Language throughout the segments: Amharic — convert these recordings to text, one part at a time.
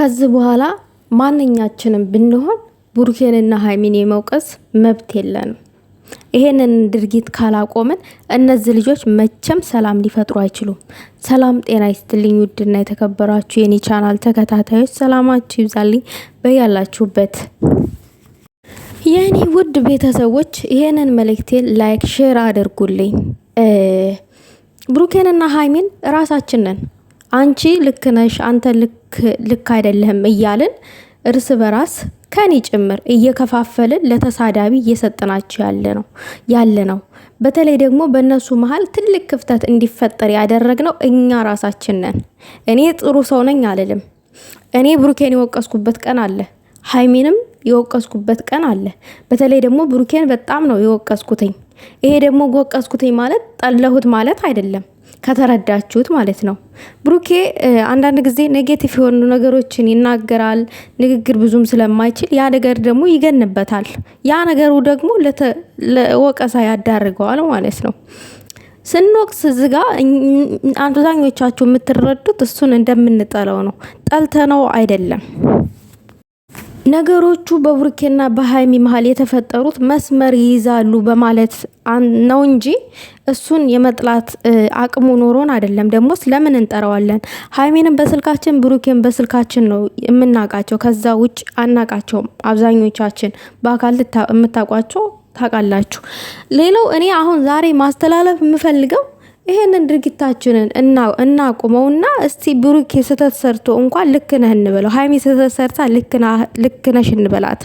ከዚህ በኋላ ማንኛችንም ብንሆን ብሩኬንና ሀይሚን የመውቀስ መብት የለንም። ይሄንን ድርጊት ካላቆምን እነዚህ ልጆች መቼም ሰላም ሊፈጥሩ አይችሉም። ሰላም ጤና ይስጥልኝ። ውድና የተከበራችሁ የኔ ቻናል ተከታታዮች ሰላማችሁ ይብዛልኝ በያላችሁበት። የኔ ውድ ቤተሰቦች ይሄንን መልእክቴን ላይክ፣ ሼር አድርጉልኝ። ብሩኬንና ሀይሚን ራሳችን ነን አንቺ ልክ ነሽ፣ አንተ ልክ አይደለህም እያልን እርስ በራስ ከኔ ጭምር እየከፋፈልን ለተሳዳቢ እየሰጠናቸው ያለ ነው ያለ ነው። በተለይ ደግሞ በእነሱ መሀል ትልቅ ክፍተት እንዲፈጠር ያደረግነው እኛ ራሳችን ነን። እኔ ጥሩ ሰው ነኝ አልልም። እኔ ብሩኬን የወቀስኩበት ቀን አለ፣ ሀይሚንም የወቀስኩበት ቀን አለ። በተለይ ደግሞ ብሩኬን በጣም ነው የወቀስኩትኝ። ይሄ ደግሞ ወቀስኩትኝ ማለት ጠለሁት ማለት አይደለም። ከተረዳችሁት ማለት ነው። ብሩኬ አንዳንድ ጊዜ ኔጌቲቭ የሆኑ ነገሮችን ይናገራል። ንግግር ብዙም ስለማይችል ያ ነገር ደግሞ ይገንበታል። ያ ነገሩ ደግሞ ለወቀሳ ያዳርገዋል ማለት ነው። ስንወቅስ ዝጋ ጋ አብዛኞቻችሁ የምትረዱት እሱን እንደምንጠለው ነው። ጠልተነው አይደለም። ነገሮቹ በቡርኬና በሀይሚ መሀል የተፈጠሩት መስመር ይይዛሉ በማለት ነው እንጂ እሱን የመጥላት አቅሙ ኖሮን አይደለም። ደግሞስ ለምን እንጠራዋለን? ሀይሚንም በስልካችን ብሩኬን በስልካችን ነው የምናቃቸው ከዛ ውጭ አናቃቸውም። አብዛኞቻችን በአካል የምታውቋቸው ታውቃላችሁ። ሌላው እኔ አሁን ዛሬ ማስተላለፍ የምፈልገው ይሄንን ድርጊታችንን እናቁመውና እስቲ ብሩኬ ስህተት ሰርቶ እንኳን ልክ ነህ እንበለው። ሀይሚ ስህተት ሰርታ ልክ ነሽ እንበላት።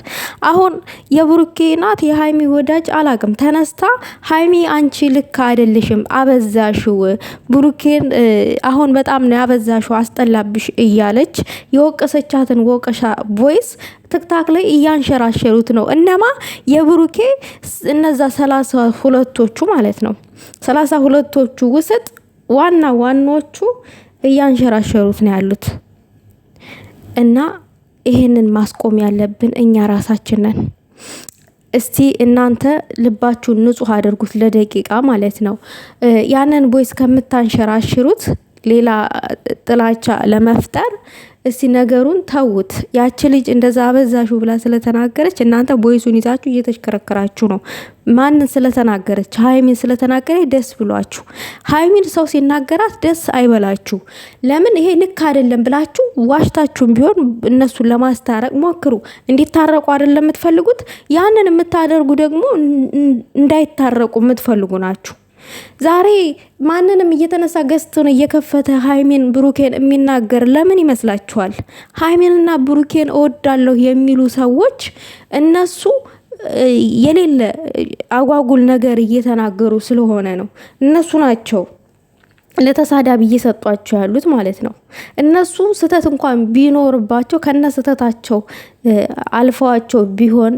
አሁን የብሩኬ ናት የሀይሚ ወዳጅ አላቅም ተነስታ ሀይሚ አንቺ ልክ አይደለሽም አበዛሽው፣ ብሩኬን አሁን በጣም ነው ያበዛሽው፣ አስጠላብሽ እያለች የወቀሰቻትን ወቀሻ ቮይስ ትክታክ ላይ እያንሸራሸሩት ነው። እነማ የብሩኬ እነዛ ሰላሳ ሁለቶቹ ማለት ነው። ሰላሳ ሁለቶቹ ውስጥ ዋና ዋናዎቹ እያንሸራሸሩት ነው ያሉት እና ይህንን ማስቆም ያለብን እኛ ራሳችን ነን። እስቲ እናንተ ልባችሁን ንጹህ አድርጉት ለደቂቃ ማለት ነው። ያንን ቦይስ ከምታንሸራሽሩት ሌላ ጥላቻ ለመፍጠር እስቲ ነገሩን ተውት ያቺ ልጅ እንደዛ አበዛሹ ብላ ስለተናገረች እናንተ ቦይሱን ይዛችሁ እየተሽከረከራችሁ ነው። ማንን ስለተናገረች? ሀይሚን ስለተናገረ ደስ ብሏችሁ። ሀይሚን ሰው ሲናገራት ደስ አይበላችሁ። ለምን ይሄ ልክ አይደለም ብላችሁ ዋሽታችሁም ቢሆን እነሱን ለማስታረቅ ሞክሩ። እንዲታረቁ አይደለም የምትፈልጉት። ያንን የምታደርጉ ደግሞ እንዳይታረቁ የምትፈልጉ ናችሁ። ዛሬ ማንንም እየተነሳ ገስቱን እየከፈተ ሀይሜን ብሩኬን የሚናገር ለምን ይመስላችኋል? ሀይሜንና ብሩኬን እወዳለሁ የሚሉ ሰዎች እነሱ የሌለ አጓጉል ነገር እየተናገሩ ስለሆነ ነው። እነሱ ናቸው ለተሳዳቢ እየሰጧቸው ያሉት ማለት ነው። እነሱ ስህተት እንኳን ቢኖርባቸው ከነ ስህተታቸው አልፈዋቸው ቢሆን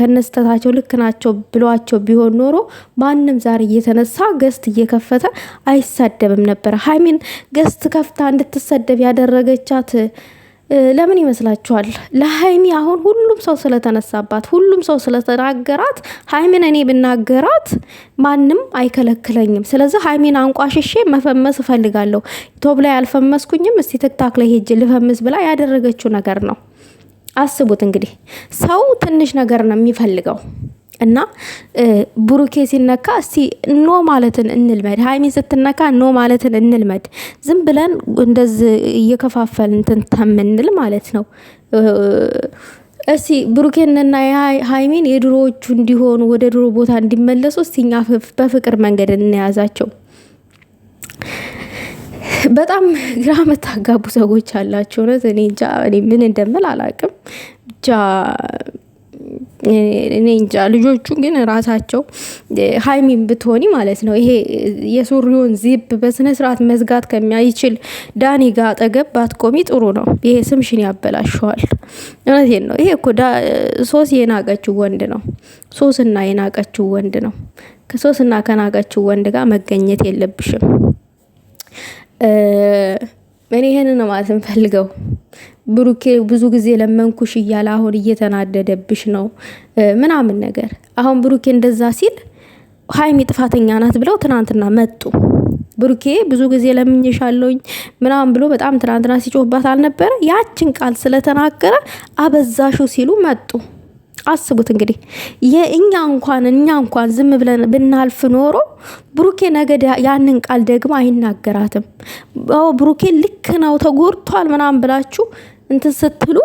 ከነ ስህተታቸው ልክ ናቸው ብሏቸው ቢሆን ኖሮ ማንም ዛሬ እየተነሳ ገስት እየከፈተ አይሳደብም ነበር። ሀይሚን ገስት ከፍታ እንድትሰደብ ያደረገቻት ለምን ይመስላችኋል? ለሀይሚ አሁን ሁሉም ሰው ስለተነሳባት፣ ሁሉም ሰው ስለተናገራት ሀይሚን እኔ ብናገራት ማንም አይከለክለኝም። ስለዚህ ሀይሚን አንቋሽሼ መፈመስ እፈልጋለሁ። ቶብ ላይ አልፈመስኩኝም፣ እስቲ ትክታክ ላይ ሄጅ ልፈምስ ብላ ያደረገችው ነገር ነው። አስቡት እንግዲህ ሰው ትንሽ ነገር ነው የሚፈልገው። እና ብሩኬ ሲነካ እስቲ ኖ ማለትን እንልመድ። ሀይሚ ስትነካ ኖ ማለትን እንልመድ። ዝም ብለን እንደዚ እየከፋፈል እንትን ተምንል ማለት ነው። እስቲ ብሩኬንና ሀይሚን የድሮዎቹ እንዲሆኑ ወደ ድሮ ቦታ እንዲመለሱ እስቲ እኛ በፍቅር መንገድ እንያዛቸው። በጣም ግራ የምታጋቡ ሰዎች አላቸው። እውነት እኔ እንጃ፣ እኔ ምን እንደምል አላቅም። ብቻ እኔ እንጃ ልጆቹ ግን ራሳቸው ሀይሚን ብትሆኒ ማለት ነው ይሄ የሱሪውን ዚፕ በስነስርዓት መዝጋት ከሚያይችል ዳኒ ጋ አጠገብ ባትቆሚ ጥሩ ነው። ይሄ ስምሽን ያበላሸዋል። እውነቴን ነው። ይሄ እኮ ሶስ የናቀችው ወንድ ነው። ሶስና የናቀችው ወንድ ነው። ከሶስና ከናቀችው ወንድ ጋር መገኘት የለብሽም። እኔ ይህንን ማለት እንፈልገው ብሩኬ ብዙ ጊዜ ለመንኩሽ እያለ አሁን እየተናደደብሽ ነው ምናምን ነገር። አሁን ብሩኬ እንደዛ ሲል ሀይሚ ጥፋተኛ ናት ብለው ትናንትና መጡ። ብሩኬ ብዙ ጊዜ ለምኝሻለውኝ ምናምን ብሎ በጣም ትናንትና ሲጮህባት አልነበረ? ያችን ቃል ስለተናገረ አበዛሹ ሲሉ መጡ። አስቡት እንግዲህ የእኛ እንኳን እኛ እንኳን ዝም ብለን ብናልፍ ኖሮ ብሩኬ ነገድ ያንን ቃል ደግሞ አይናገራትም። ብሩኬ ልክ ነው ተጎድቷል ምናምን ብላችሁ እንትን ስትሉ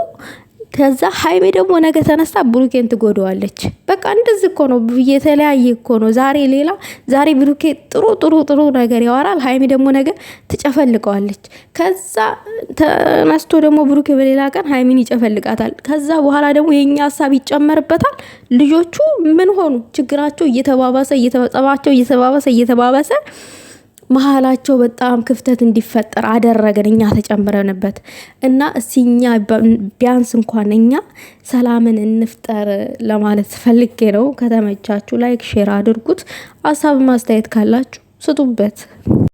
ከዛ ሀይሜ ደግሞ ነገ ተነሳ ብሩኬን ትጎደዋለች። በቃ እንደዚህ እኮ ነው፣ የተለያየ እኮ ነው። ዛሬ ሌላ ዛሬ ብሩኬ ጥሩ ጥሩ ጥሩ ነገር ያወራል፣ ሀይሜ ደግሞ ነገ ትጨፈልቀዋለች። ከዛ ተነስቶ ደግሞ ብሩኬ በሌላ ቀን ሀይሜን ይጨፈልቃታል። ከዛ በኋላ ደግሞ የእኛ ሀሳብ ይጨመርበታል። ልጆቹ ምን ሆኑ? ችግራቸው እየተባባሰ እየተጸባቸው እየተባባሰ እየተባባሰ መሀላቸው በጣም ክፍተት እንዲፈጠር አደረገን እኛ ተጨምረንበት እና እሲኛ ቢያንስ እንኳን እኛ ሰላምን እንፍጠር ለማለት ፈልጌ ነው። ከተመቻችሁ ላይክ፣ ሼር አድርጉት። ሀሳብ ማስተያየት ካላችሁ ስጡበት።